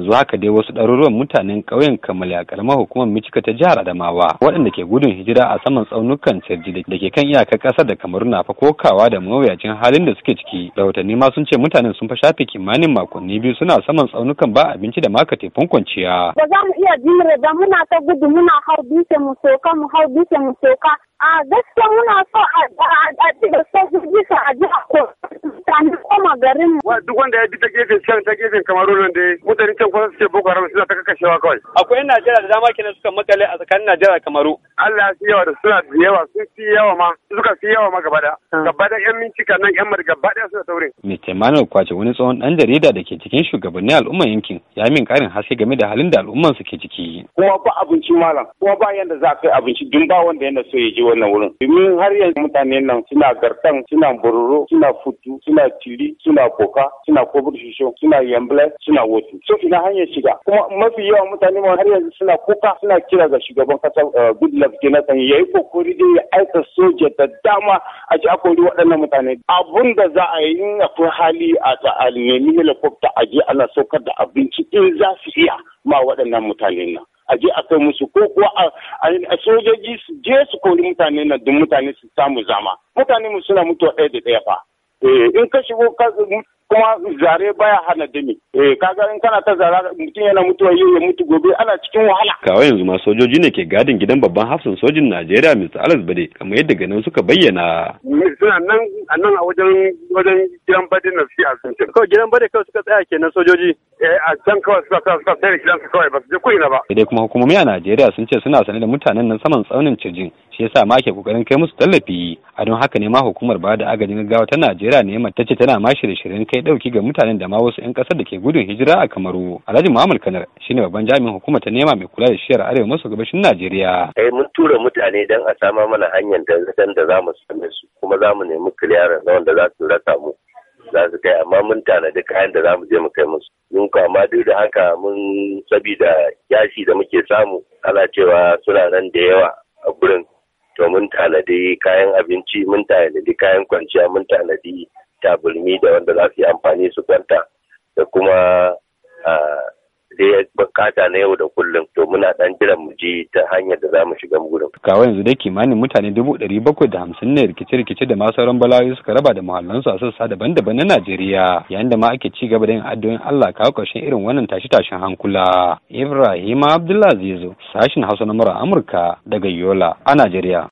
yanzu haka dai wasu ɗaruruwan mutanen ƙauyen kamal a hukumar micika ta jihar adamawa waɗanda ke gudun hijira a saman tsaunukan cirji da ke kan iyakar ƙasar da kamaru na fa kokawa da mawuyacin halin da suke ciki rahotanni ma sun ce mutanen sun fa shafe kimanin makonni biyu suna saman tsaunukan ba abinci da maka tefin kwanciya. ba za mu iya jimre ba muna ta gudu muna hau dutse mu soka mu hau dutse mu soka a gaskiya muna so a ci da bisa a ji a garin duk wanda ya bi ta gefe can ta gefen kamarunan da mutane can kuma suke boko haram suna ta kakashewa kawai akwai najeriya da dama kenan suka makale a tsakanin najeriya kamaru Allah ya fi yawa da suna da yawa sun fi yawa ma suka fi yawa ma gaba da ah. gaba da yan mincika nan yan mar gaba da suna taurin. Mr. Manuel Kwace wani tsohon dan jarida da ke cikin shugabanni al'umman yankin ya min karin haske game da halin da al'umman su ke ciki. Kuma ba abinci malam kuma ba yanda za a kai abinci dun ba wanda yana so ya je wannan wurin. Domin har yanzu mutane nan suna gartan suna bororo suna futu suna tiri suna koka suna kobur shisho suna yamble suna wotu. So ina hanyar shiga kuma mafi yawan mutane ma har yanzu suna kuka suna kira ga shugaban kasar eh, Goodluck gaske na sani ya yi kokori da ya aika soja da dama a ji akwai waɗannan mutane abun da za a yi in fi hali a nemi helicopter a je ana saukar da abinci in eh, za su iya ma waɗannan mutane na. a je a kai musu ko kuwa a sojoji su je su kori mutane na don mutane su samu zama mutane mu suna mutuwa ɗaya da ɗaya fa eh, in ka shigo kuma zare baya hana dami eh kaga in kana ta zara mutum yana mutuwa yau ya mutu gobe ana cikin wahala kawai yanzu ma sojoji ne ke gadin gidan babban hafsan sojin Najeriya Mr. Alex Bade kamar yadda ganin suka bayyana suna nan a nan a wajen wajen gidan Bade na fi a kawai gidan Bade kawai suka tsaya kenan sojoji Eh, a can kawai suka sa suka sai kawai ba su je kuina ba. Sai dai kuma hukumomi a Najeriya sun ce suna sane da mutanen nan saman tsaunin cirjin shi yasa ma ke kokarin kai musu tallafi a don haka ne ma hukumar ba da agajin gaggawa ta Najeriya ne ta ce tana ma shirye-shiryen kai dauki ga mutanen da ma wasu 'yan kasar da ke gudun hijira a Kamaru. Alhaji Muhammad Kanar shine babban jami'in hukumar ta nema mai kula da shiyar arewa maso gabashin Najeriya. Eh mun tura mutane dan a sama mana hanyar da da za mu same su kuma za mu nemi kiliyaran da wanda za su rasa mu. za su kai amma mun tanadi kayan da za mu je mu kai musu mun kama duk da haka mun sabida yashi da muke samu ana cewa suna nan da yawa a gurin to mun tanadi kayan abinci mun tanadi kayan kwanciya mun tanadi tabulmi da wanda za su yi amfani su kwanta da kuma ah, bukata na yau da kullum to muna dan jiran mu ji ta hanyar da za mu shiga gurin. Kawai yanzu dai kimanin mutane dubu ɗari bakwai da hamsin ne rikice-rikice da masu sauran balawi suka raba da muhallansu a sassa daban-daban na Najeriya yayin da ma ake ci gaba da yin addu'o'in Allah kawo ƙarshen irin wannan tashi-tashin hankula. Ibrahim Abdullah Zizo sashin Hausa na Amurka daga Yola a Najeriya.